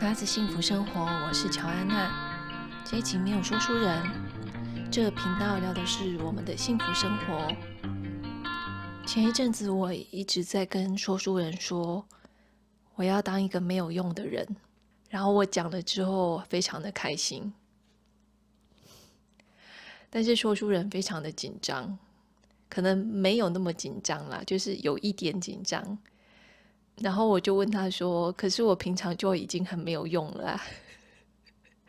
來次幸福生活，我是喬安娜。這一集沒有說書人，這個、頻道聊的是我們的幸福生活。前一陣子我一直在跟說書人說，我要當一個沒有用的人，然後我講了之後非常的開心，但是說書人非常的緊張，可能沒有那麼緊張啦，就是有一點緊張。然後我就問他說：“可是我平常就已經很沒有用了啊，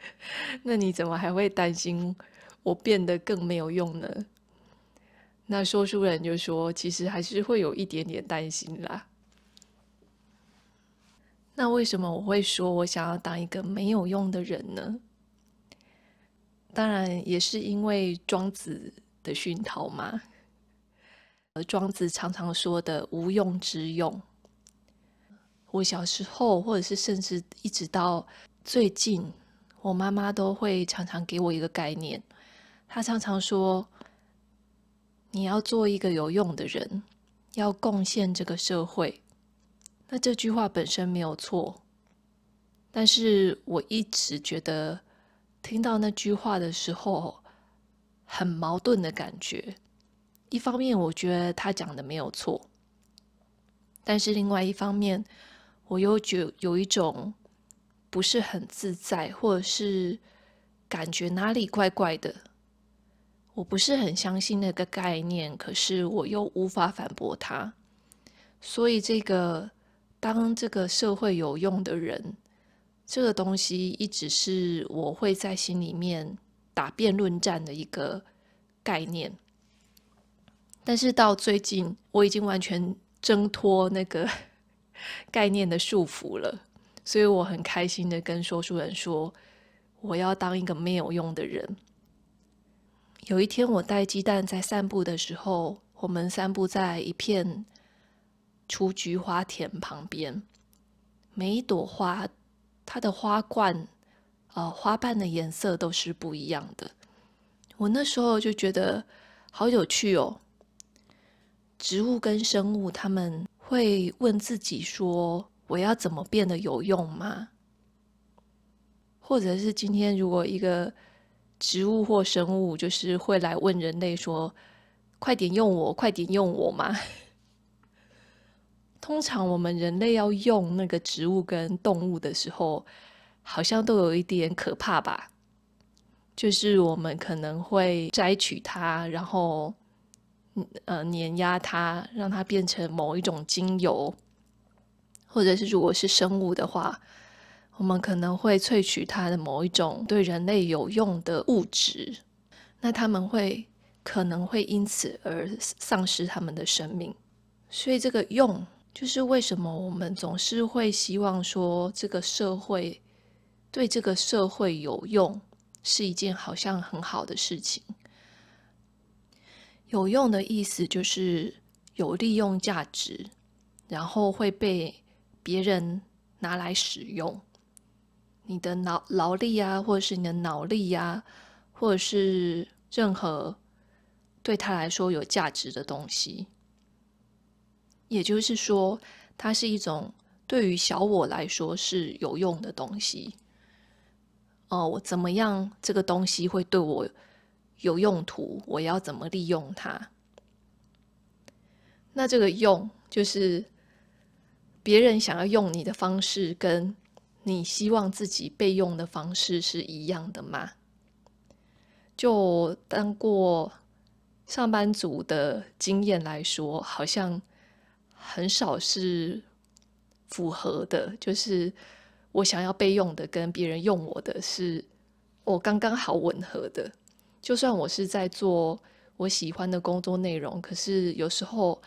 那你怎麼還會擔心我變得更沒有用呢？”那說書人就說：“其實還是會有一點點擔心啦。”那為什麼我會說我想要當一個沒有用的人呢？當然也是因為莊子的熏陶嘛，而莊子常常說的無用之用。我小時候，或者是甚至一直到最近，我媽媽都會常常給我一個概念。她常常說：“你要做一個有用的人，要貢獻這個社會。”那這句話本身沒有錯，但是我一直覺得聽到那句話的時候，很矛盾的感覺。一方面，我覺得她講的沒有錯，但是另外一方面，我又覺得有一種不是很自在，或者是感覺哪裡怪怪的。我不是很相信那個概念，可是我又無法反駁它。所以這個，當這個社會有用的人，這個東西一直是我會在心裡面打辯論戰的一個概念。但是到最近，我已經完全掙脫那個。概念的束縛了，所以我很開心的跟說書人說，我要當一個沒有用的人。有一天，我帶雞蛋在散步的時候，我們散步在一片雛菊花田旁邊，每一朵花它的花冠，呃，花瓣的顏色都是不一樣的。我那時候就覺得好有趣哦，植物跟生物它們。會問自己說：“我要怎麼變得有用嗎？”或者是今天如果一個植物或生物，就是會來問人類說：“快點用我，快點用我嗎？”通常我們人類要用那個植物跟動物的時候，好像都有一點可怕吧？就是我們可能會摘取它，然後，呃，碾壓它，讓它變成某一種精油，或者是如果是生物的話，我們可能會萃取它的某一種對人類有用的物質。那他們會可能會因此而喪失他們的生命。所以，這個用就是為什麼我們總是會希望說這個社會對這個社會有用是一件好像很好的事情。有用的意思就是有利用價值，然後會被別人拿來使用。你的腦勞力啊，或者是你的腦力啊，或者是任何對他來說有價值的東西，也就是說，它是一種對於小我來說是有用的東西。哦，我怎麼樣？這個東西會對我，有用途，我要怎麼利用它？那這個用，就是別人想要用你的方式，跟你希望自己被用的方式是一樣的嗎？就當過上班族的經驗來說，好像很少是符合的。就是我想要被用的，跟別人用我的，是我剛剛好吻合的。就算我是在做我喜歡的工作內容，可是有時候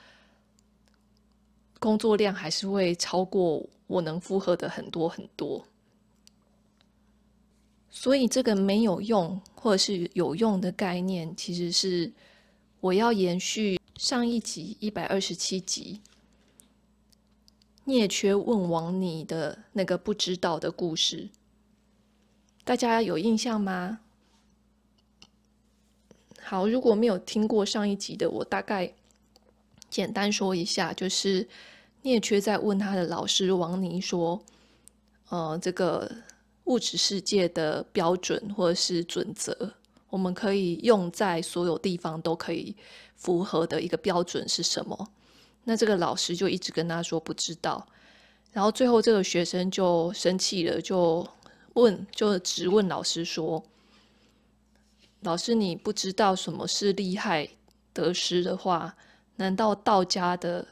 工作量還是會超過我能負荷的很多很多。所以這個沒有用或者是有用的概念，其實是我要延續上一集一百二十七集，齧缺問王倪的那個不知道的故事，大家有印象嗎？好，如果沒有聽過上一集的，我大概簡單說一下，就是齧缺在問他的老師王倪說：“呃，這個物質世界的標準或者是準則，我們可以用在所有地方都可以符合的一個標準是什麼？”那這個老師就一直跟他說不知道，然後最後這個學生就生氣了，就問，就直問老師說，老師，你不知道什麼是利害得失的話，難道道家的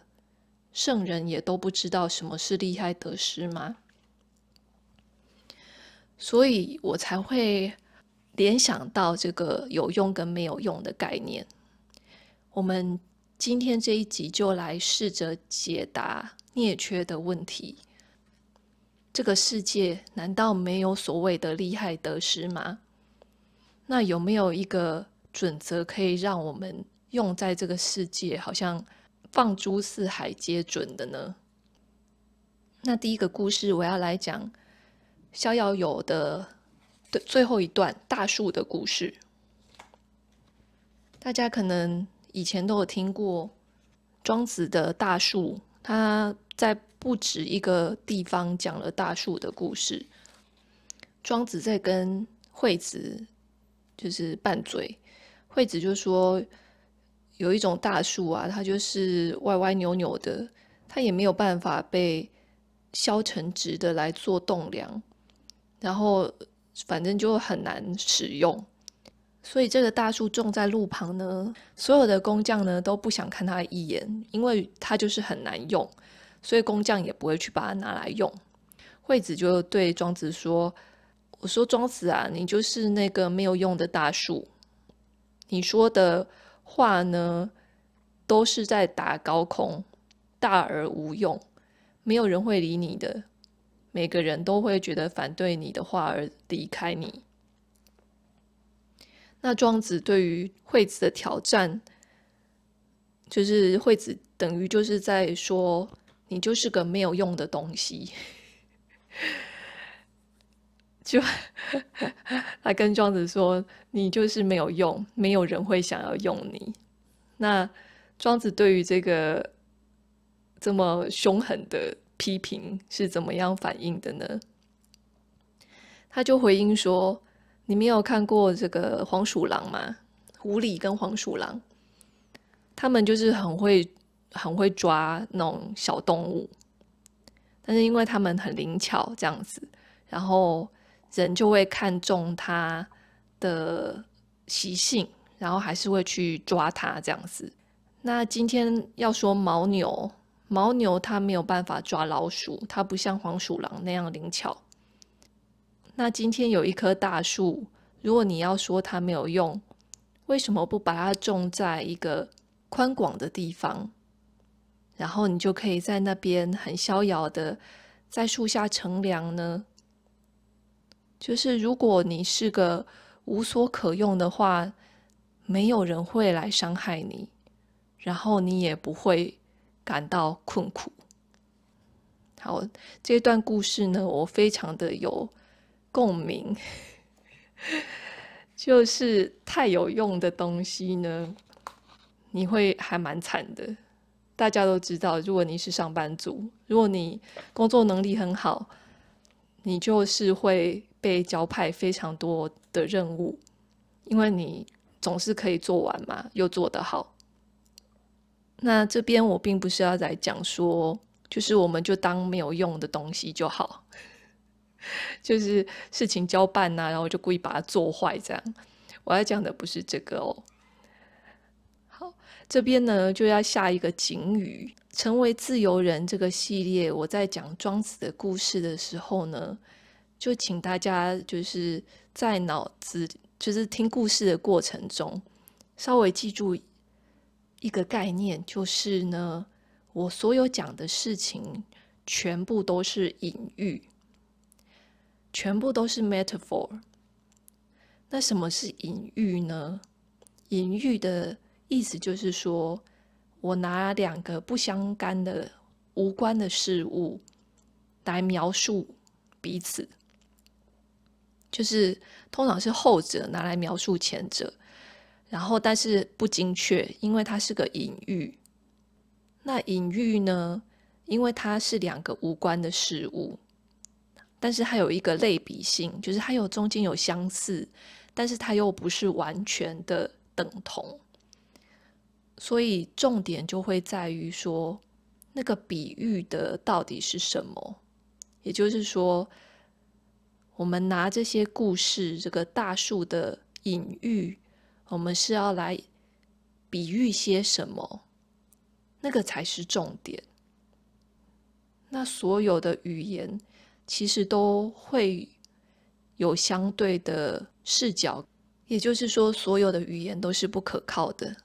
聖人也都不知道什麼是利害得失嗎？所以我才會聯想到這個有用跟沒有用的概念。我們今天這一集就來試着解答齧缺的問題：這個世界難道沒有所謂的利害得失嗎？那有沒有一個準則可以讓我們用在這個世界，好像放諸四海皆準的呢？那第一個故事，我要來講《逍遙遊》的的最後一段大樹的故事。大家可能以前都有聽過莊子的大樹，他在不止一個地方講了大樹的故事。莊子在跟惠子。就是拌嘴，惠子就說有一種大樹啊，它就是歪歪扭扭的，它也沒有辦法被削成直的來做棟梁，然後反正就很難使用，所以這個大樹種在路旁呢，所有的工匠呢都不想看它一眼，因為它就是很難用，所以工匠也不會去把它拿來用。惠子就對莊子說：我說莊子啊，你就是那個沒有用的大樹。你說的話呢，都是在打高空，大而無用。沒有人會理你的，每個人都會覺得反對你的話而離開你。那莊子對於惠子的挑戰，就是惠子等於就是在說，你就是個沒有用的東西。 就 他跟莊子說：“你就是沒有用，沒有人會想要用你。那”那莊子對於這個這麼凶狠的批評是怎麼樣反應的呢？他就回應說：“你沒有看過這個黃鼠狼嗎？狐狸跟黃鼠狼，他們就是很會很會抓那種小動物，但是因為他們很靈巧，這樣子，然後。”人就會看中它的習性，然後還是會去抓它這樣子。那今天要說犛牛，犛牛它沒有辦法抓老鼠，它不像黃鼠狼那樣靈巧。那今天有一棵大樹，如果你要說它沒有用，為什麼不把它種在一個寬廣的地方，然後你就可以在那邊很逍遙的在樹下乘涼呢？就是如果你是個無所可用的話，沒有人會來傷害你，然後你也不會感到困苦。好，這段故事呢，我非常的有共鳴， 就是太有用的東西呢，你會還蠻慘的。大家都知道，如果你是上班族，如果你工作能力很好，你就是會。被交派非常多的任務，因為你總是可以做完嘛，又做得好。那這邊我並不是要來講說，就是我們就當沒有用的東西就好，就是事情交辦吶、啊，然後就故意把它做壞這樣。我要講的不是這個哦。好，這邊呢就要下一個警語，成為自由人這個系列，我在講莊子的故事的時候呢。就請大家就是在腦子，就是聽故事的過程中，稍微記住一個概念，就是呢，我所有講的事情全部都是隱喻，全部都是 metaphor。那什麼是隱喻呢？隱喻的意思就是說，我拿兩個不相干的、無關的事物來描述彼此。就是通常是後者拿來描述前者，然後但是不精確，因為它是個隱喻。那隱喻呢？因為它是兩個無關的事物，但是它有一個類比性，就是它有中間有相似，但是它又不是完全的等同。所以重點就會在於說，那個比喻的到底是什麼？也就是說。我們拿這些故事，這個大樹的隱喻，我們是要來比喻些什麼？那個才是重點。那所有的語言其實都會有相對的視角，也就是說，所有的語言都是不可靠的。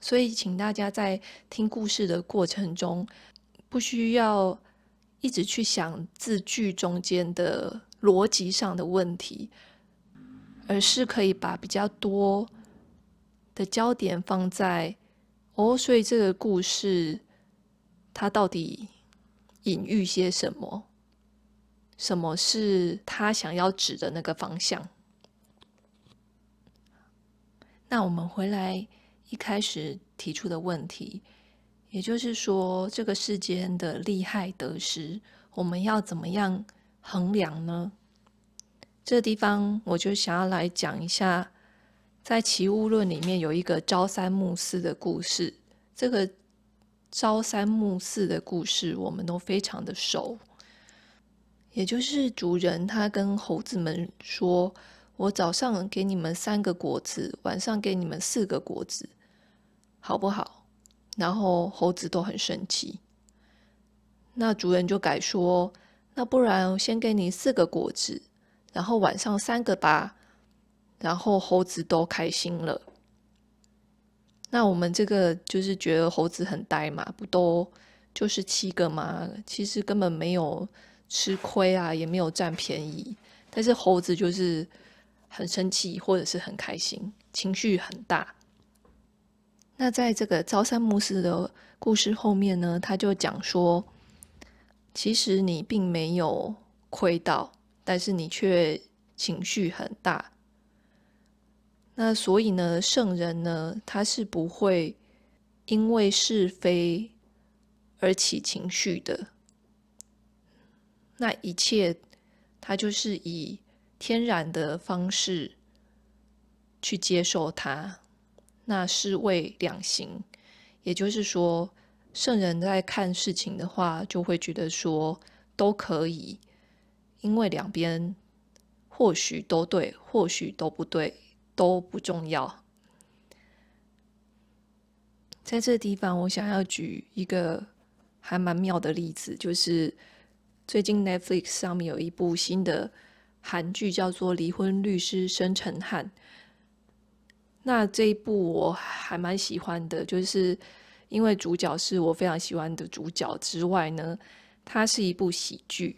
所以，請大家在聽故事的過程中，不需要。一直去想字句中間的邏輯上的問題，而是可以把比較多的焦點放在哦，所以這個故事它到底隱喻些什麼？什麼是他想要指的那個方向？那我們回來一開始提出的問題。也就是說，這個世間的利害得失，我們要怎麼樣衡量呢？這個地方我就想要來講一下，在《齊物論》裡面有一個朝三暮四的故事。這個朝三暮四的故事我們都非常的熟。也就是主人他跟猴子們說：“我早上給你們三個果子，晚上給你們四個果子，好不好？”然後猴子都很生氣，那主人就改說，那不然先給你四個果子，然後晚上三個吧，然後猴子都開心了。那我們這個就是覺得猴子很呆嘛，不都就是七個嘛，其實根本沒有吃虧啊，也沒有占便宜，但是猴子就是很生氣或者是很開心，情緒很大。那在這個朝三暮四的故事後面呢，他就講說，其實你並沒有虧到，但是你卻情緒很大。那所以呢，聖人呢，他是不會因為是非而起情緒的。那一切，他就是以天然的方式去接受它。那是謂兩行，也就是說，聖人在看事情的話，就會覺得說都可以，因為兩邊或許都對，或許都不對，都不重要。在這地方，我想要舉一個還蠻妙的例子，就是最近 Netflix 上面有一部新的韓劇，叫做《離婚律師申晟漢》。那這一部我還蠻喜歡的，就是因為主角是我非常喜歡的主角之外呢，它是一部喜劇，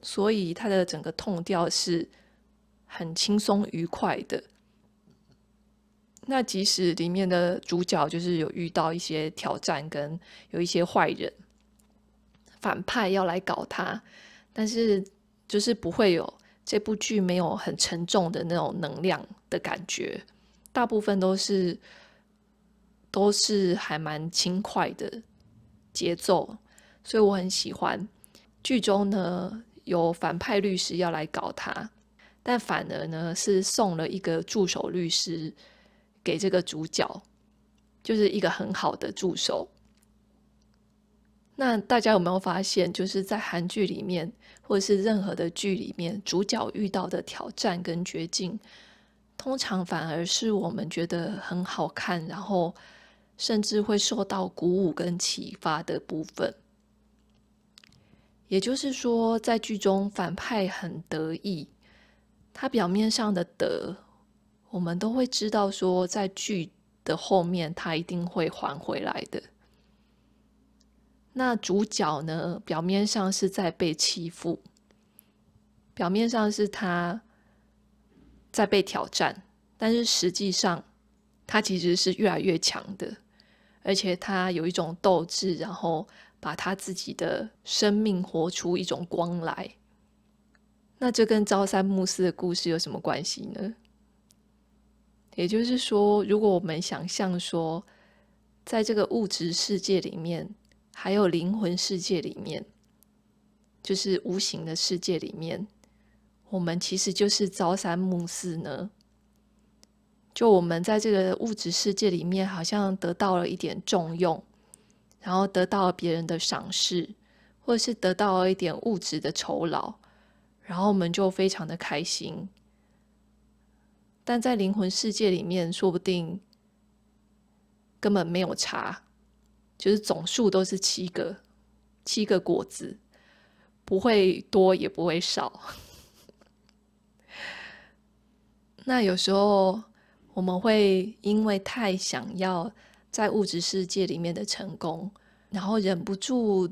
所以它的整個 tone 調是很輕鬆愉快的。那即使裡面的主角就是有遇到一些挑戰，跟有一些壞人、反派要來搞他，但是就是不會有這部劇沒有很沉重的那種能量的感覺。大部分都是都是還蠻輕快的節奏，所以我很喜歡。劇中呢，有反派律師要來搞他，但反而呢是送了一個助手律師給這個主角，就是一個很好的助手。那大家有沒有發現，就是在韓劇裡面，或者是任何的劇裡面，主角遇到的挑戰跟絕境。通常反而是我們覺得很好看，然後甚至會受到鼓舞跟啟發的部分。也就是說，在劇中反派很得意，他表面上的得，我們都會知道說，在劇的後面他一定會還回來的。那主角呢，表面上是在被欺負，表面上是他。在被挑戰，但是實際上，他其實是越來越強的，而且他有一種鬥志，然後把他自己的生命活出一種光來。那這跟朝三暮四的故事有什麼關係呢？也就是說，如果我們想象說，在這個物質世界裡面，還有靈魂世界裡面，就是無形的世界裡面。我們其實就是朝三暮四呢，就我們在這個物質世界裡面，好像得到了一點重用，然後得到了別人的賞識，或者是得到了一點物質的酬勞，然後我們就非常的開心。但在靈魂世界裡面，說不定根本沒有差，就是總數都是七個，七個果子，不會多也不會少。那有時候我們會因為太想要在物質世界裡面的成功，然後忍不住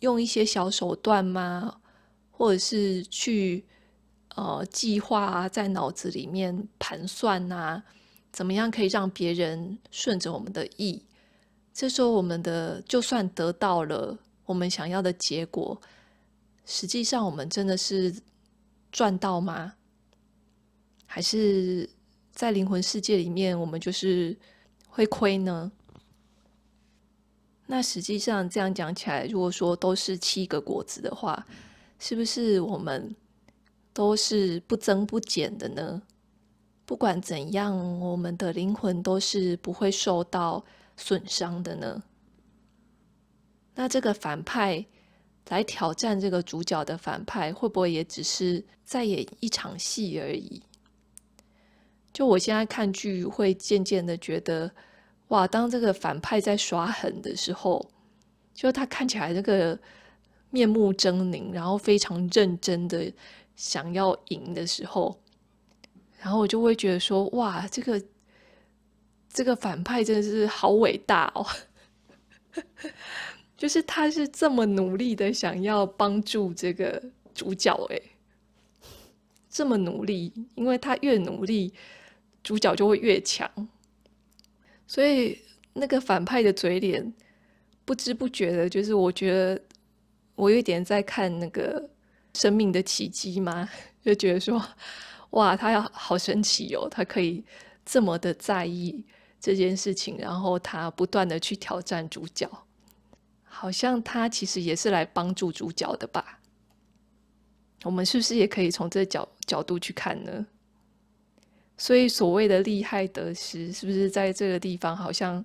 用一些小手段嘛，或者是去呃計劃啊，在腦子裡面盤算吶，啊，怎麼樣可以讓別人順着我們的意？這時候我們的就算得到了我們想要的結果，實際上我們真的是賺到嗎？還是在靈魂世界裡面，我們就是會虧呢？那實際上這樣講起來，如果說都是七個果子的話，是不是我們都是不增不減的呢？不管怎樣，我們的靈魂都是不會受到損傷的呢？那這個反派來挑戰這個主角的反派，會不會也只是在演一場戲而已？就我現在看劇，會漸漸的覺得，哇，當這個反派在耍狠的時候，就他看起來這個面目猙獰，然後非常認真的想要贏的時候，然後我就會覺得說，哇，這個這個反派真的是好偉大哦， 就是他是這麼努力的想要幫助這個主角誒，這麼努力，因為他越努力。主角就會越強，所以那個反派的嘴臉不知不覺的，就是我覺得我有點在看那個生命的奇蹟嘛，就覺得說，哇，他要好神奇哦，他可以這麼的在意這件事情，然後他不斷的去挑戰主角，好像他其實也是來幫助主角的吧？我們是不是也可以從這角角度去看呢？所以所謂的利害得失，是不是在這個地方好像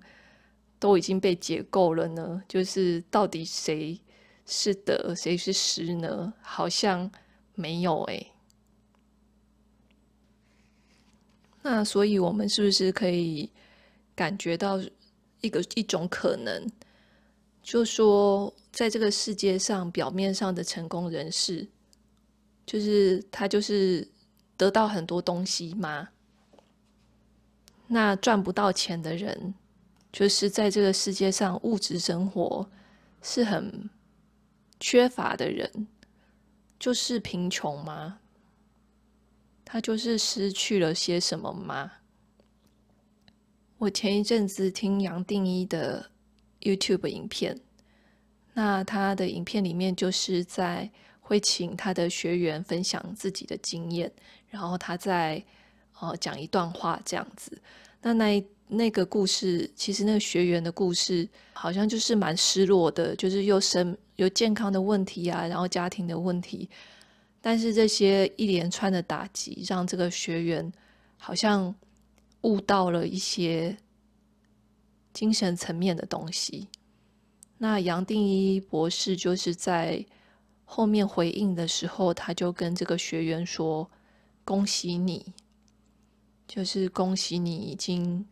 都已經被解構了呢？就是到底誰是得，誰是失呢？好像沒有哎、欸。那所以我們是不是可以感覺到一個一種可能，就說在這個世界上，表面上的成功人士，就是他就是得到很多東西嗎？那賺不到錢的人，就是在這個世界上物質生活是很缺乏的人，就是貧窮嗎？他就是失去了些什麼嗎？我前一陣子聽楊定一的 YouTube 影片，那他的影片裡面就是在會請他的學員分享自己的經驗，然後他在。哦，講一段話這樣子。那那那個故事，其實那個學員的故事好像就是蠻失落的，就是又生有健康的問題啊，然後家庭的問題。但是這些一連串的打擊，讓這個學員好像悟到了一些精神層面的東西。那楊定一博士就是在後面回應的時候，他就跟這個學員說：“恭喜你。”就是恭喜你已經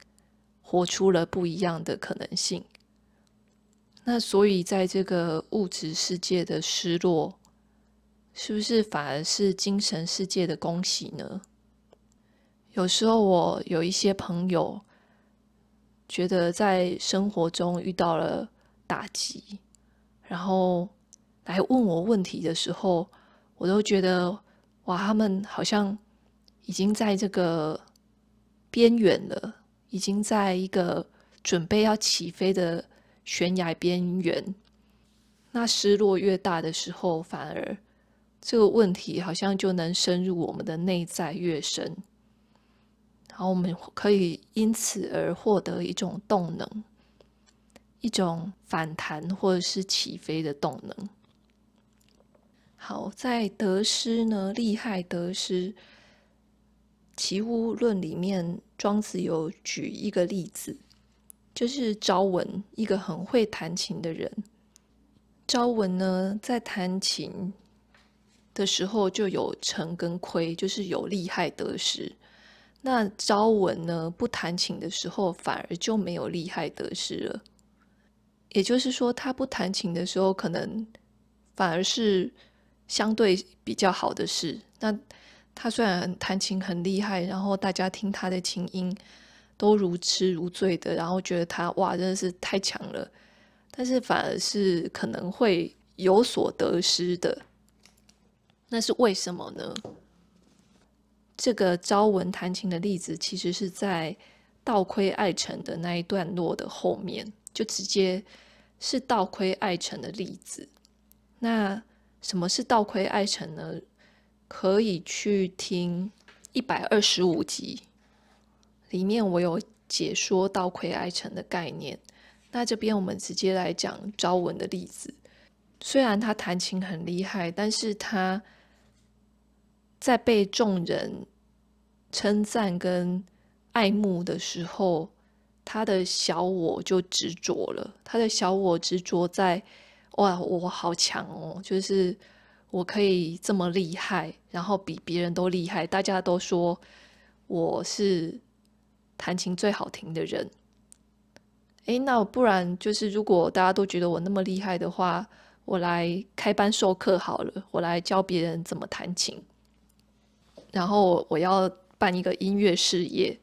活出了不一樣的可能性。那所以，在這個物質世界的失落，是不是反而是精神世界的恭喜呢？有時候我有一些朋友覺得在生活中遇到了打擊，然後來問我問題的時候，我都覺得哇，他們好像已經在這個邊緣了，已經在一個準備要起飛的懸崖邊緣。那失落越大的時候，反而這個問題好像就能深入我們的內在越深，然後我們可以因此而獲得一種動能，一種反彈或者是起飛的動能。好，在得失呢，利害得失，齊物論裡面。莊子有舉一個例子，就是昭文，一個很會彈琴的人。昭文呢，在彈琴的時候就有成跟虧，就是有利害得失。那昭文呢，不彈琴的時候，反而就沒有利害得失了。也就是說，他不彈琴的時候，可能反而是相對比較好的事。那他雖然彈琴很厲害，然後大家聽他的琴音都如痴如醉的，然後覺得他哇真的是太強了，但是反而是可能會有所得失的，那是為什麼呢？這個昭文彈琴的例子其實是在道虧愛成的那一段落的後面，就直接是道虧愛成的例子。那什麼是道虧愛成呢？可以去聽一百二十五集，裡面我有解說到奎愛城的概念。那這邊我們直接來講昭文的例子。雖然他彈琴很厲害，但是他在被眾人稱讚跟愛慕的時候，他的小我就執着了。他的小我執着在，哇，我好強哦！就是。我可以這麼厲害，然後比別人都厲害，大家都說我是彈琴最好聽的人。誒，那不然就是，如果大家都覺得我那麼厲害的話，我來開班授課好了，我來教別人怎麼彈琴。然後我要辦一個音樂事業，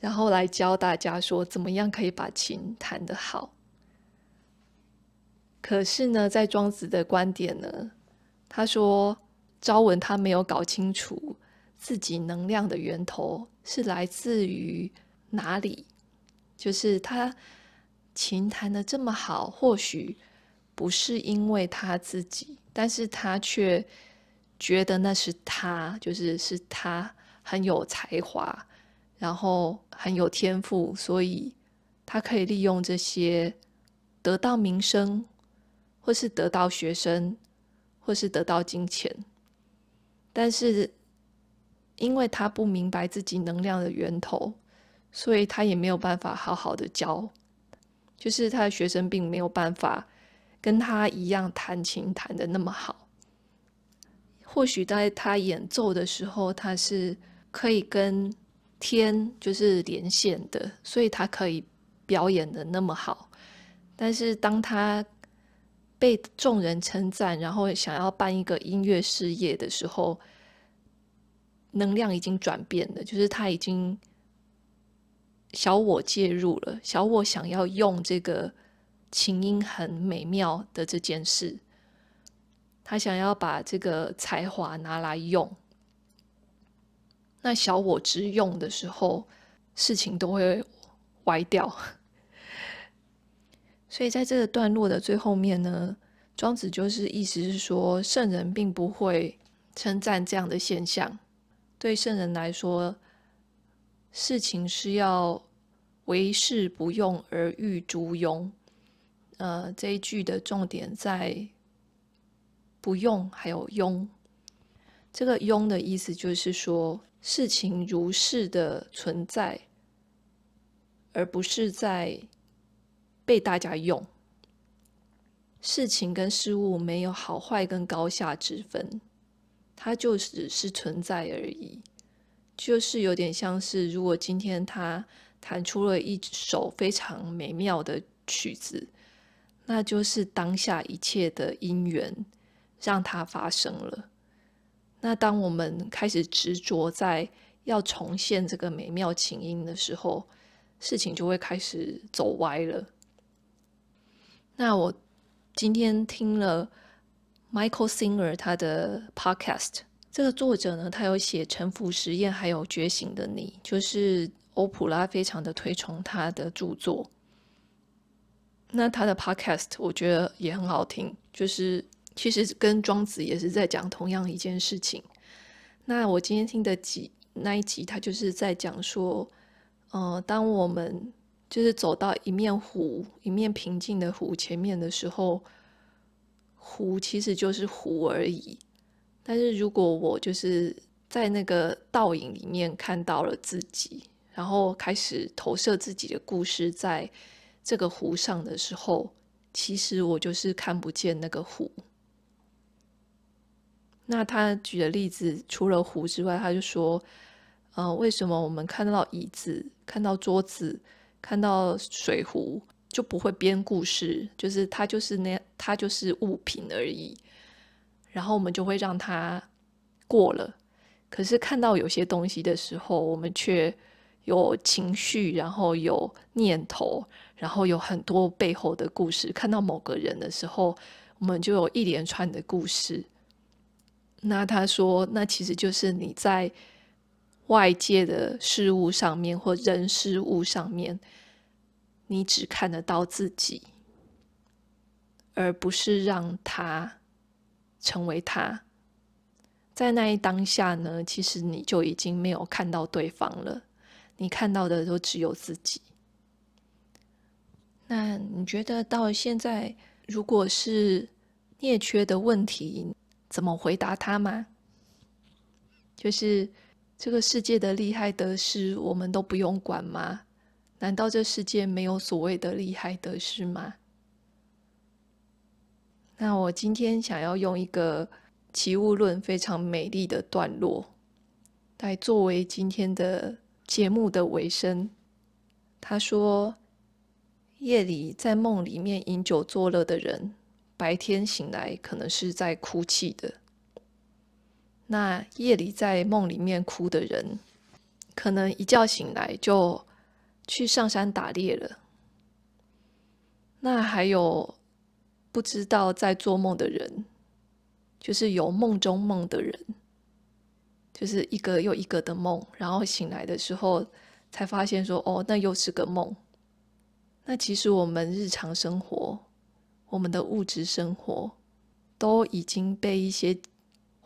然後來教大家說怎麼樣可以把琴彈得好。可是呢，在莊子的觀點呢？他說：“昭文，他沒有搞清楚自己能量的源頭是來自於哪裡。就是他琴彈的這麼好，或許不是因為他自己，但是他卻覺得那是他，就是是他很有才華，然後很有天賦，所以他可以利用這些得到名聲，或是得到學生。”或是得到金錢，但是因為他不明白自己能量的源頭，所以他也沒有辦法好好的教。就是他的學生並沒有辦法跟他一樣彈琴彈得那麼好。或許在他演奏的時候，他是可以跟天就是連線的，所以他可以表演得那麼好。但是當他被眾人稱讚，然後想要辦一個音樂事業的時候，能量已經轉變了。就是他已經小我介入了，小我想要用這個琴音很美妙的這件事，他想要把這個才華拿來用。那小我只用的時候，事情都會歪掉。所以在這個段落的最後面呢，莊子就是意思是說，聖人並不會稱讚這樣的現象。對聖人來說，事情是要為是不用而寓諸庸。呃，這一句的重點在不用，還有庸。這個庸的意思就是說，事情如是的存在，而不是在被大家用，事情跟事物沒有好壞跟高下之分，它就只是存在而已。就是有點像是，如果今天他彈出了一首非常美妙的曲子，那就是當下一切的因緣讓它發生了。那當我們開始執着在要重現這個美妙琴音的時候，事情就會開始走歪了。那我今天聽了 Michael Singer 他的 Podcast，這個作者呢，他有寫《臣服實驗》，還有《覺醒的你》，就是歐普拉非常的推崇他的著作。那他的 Podcast 我覺得也很好聽，就是其實跟莊子也是在講同樣一件事情。那我今天聽的幾那一集，他就是在講說，嗯、呃，當我們。就是走到一面湖、一面平靜的湖前面的時候，湖其實就是湖而已。但是如果我就是在那個倒影裡面看到了自己，然後開始投射自己的故事在這個湖上的時候，其實我就是看不見那個湖。那他舉的例子除了湖之外，他就說：“嗯、呃，為什麼我們看到椅子、看到桌子？”看到水壺就不會編故事，就是它就是，那它就是物品而已。然後我們就會讓它過了。可是看到有些東西的時候，我們卻有情緒，然後有念頭，然後有很多背後的故事。看到某個人的時候，我們就有一連串的故事。那他說，那其實就是你在。外界的事物上面，或人事物上面，你只看得到自己，而不是讓他成為他。在那一當下呢，其實你就已經沒有看到對方了，你看到的都只有自己。那你覺得到現在，如果是齧缺的問題，怎麼回答他嗎？就是，這個世界的利害得失，我們都不用管嗎？難道這世界沒有所謂的利害得失嗎？那我今天想要用一個《齊物論》非常美麗的段落，來作為今天的節目的尾聲。他說：“夜裡在夢裡面飲酒作樂的人，白天醒來可能是在哭泣的。”那夜裡在夢裡面哭的人，可能一覺醒來就去上山打獵了。那還有不知道在做夢的人，就是有夢中夢的人，就是一個又一個的夢，然後醒來的時候才發現說：“哦，那又是個夢。”那其實我們日常生活，我們的物質生活，都已經被一些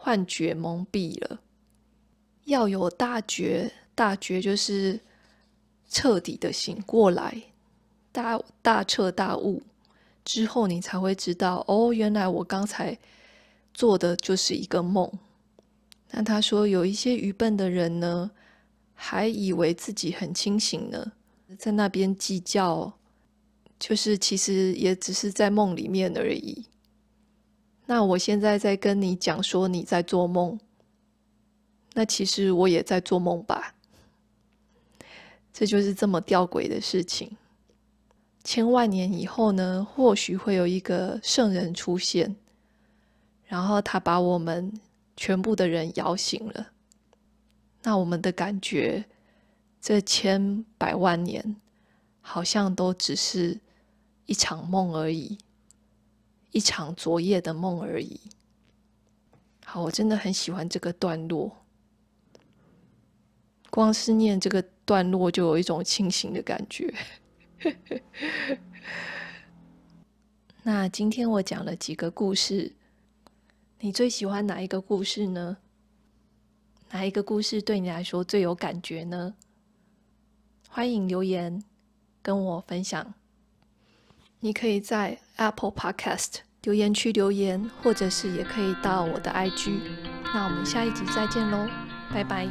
幻覺蒙蔽了，要有大覺，大覺就是徹底的醒過來，大大徹大悟之後，你才會知道，哦，原來我剛才做的就是一個夢。那他說有一些愚笨的人呢，還以為自己很清醒呢，在那邊計較，就是其實也只是在夢裡面而已。那我現在在跟你講說你在做夢，那其實我也在做夢吧？這就是這麼吊詭的事情。千萬年以後呢，或許會有一個聖人出現，然後他把我們全部的人搖醒了。那我們的感覺，這千百萬年好像都只是一場夢而已。一場昨夜的夢而已。好，我真的很喜歡這個段落，光是念這個段落就有一種清醒的感覺。 那今天我講了幾個故事，你最喜歡哪一個故事呢？哪一個故事對你來說最有感覺呢？歡迎留言跟我分享。你可以在 Apple Podcast 留言區留言，或者是也可以到我的 IG。那我們下一集再見嘍，拜拜。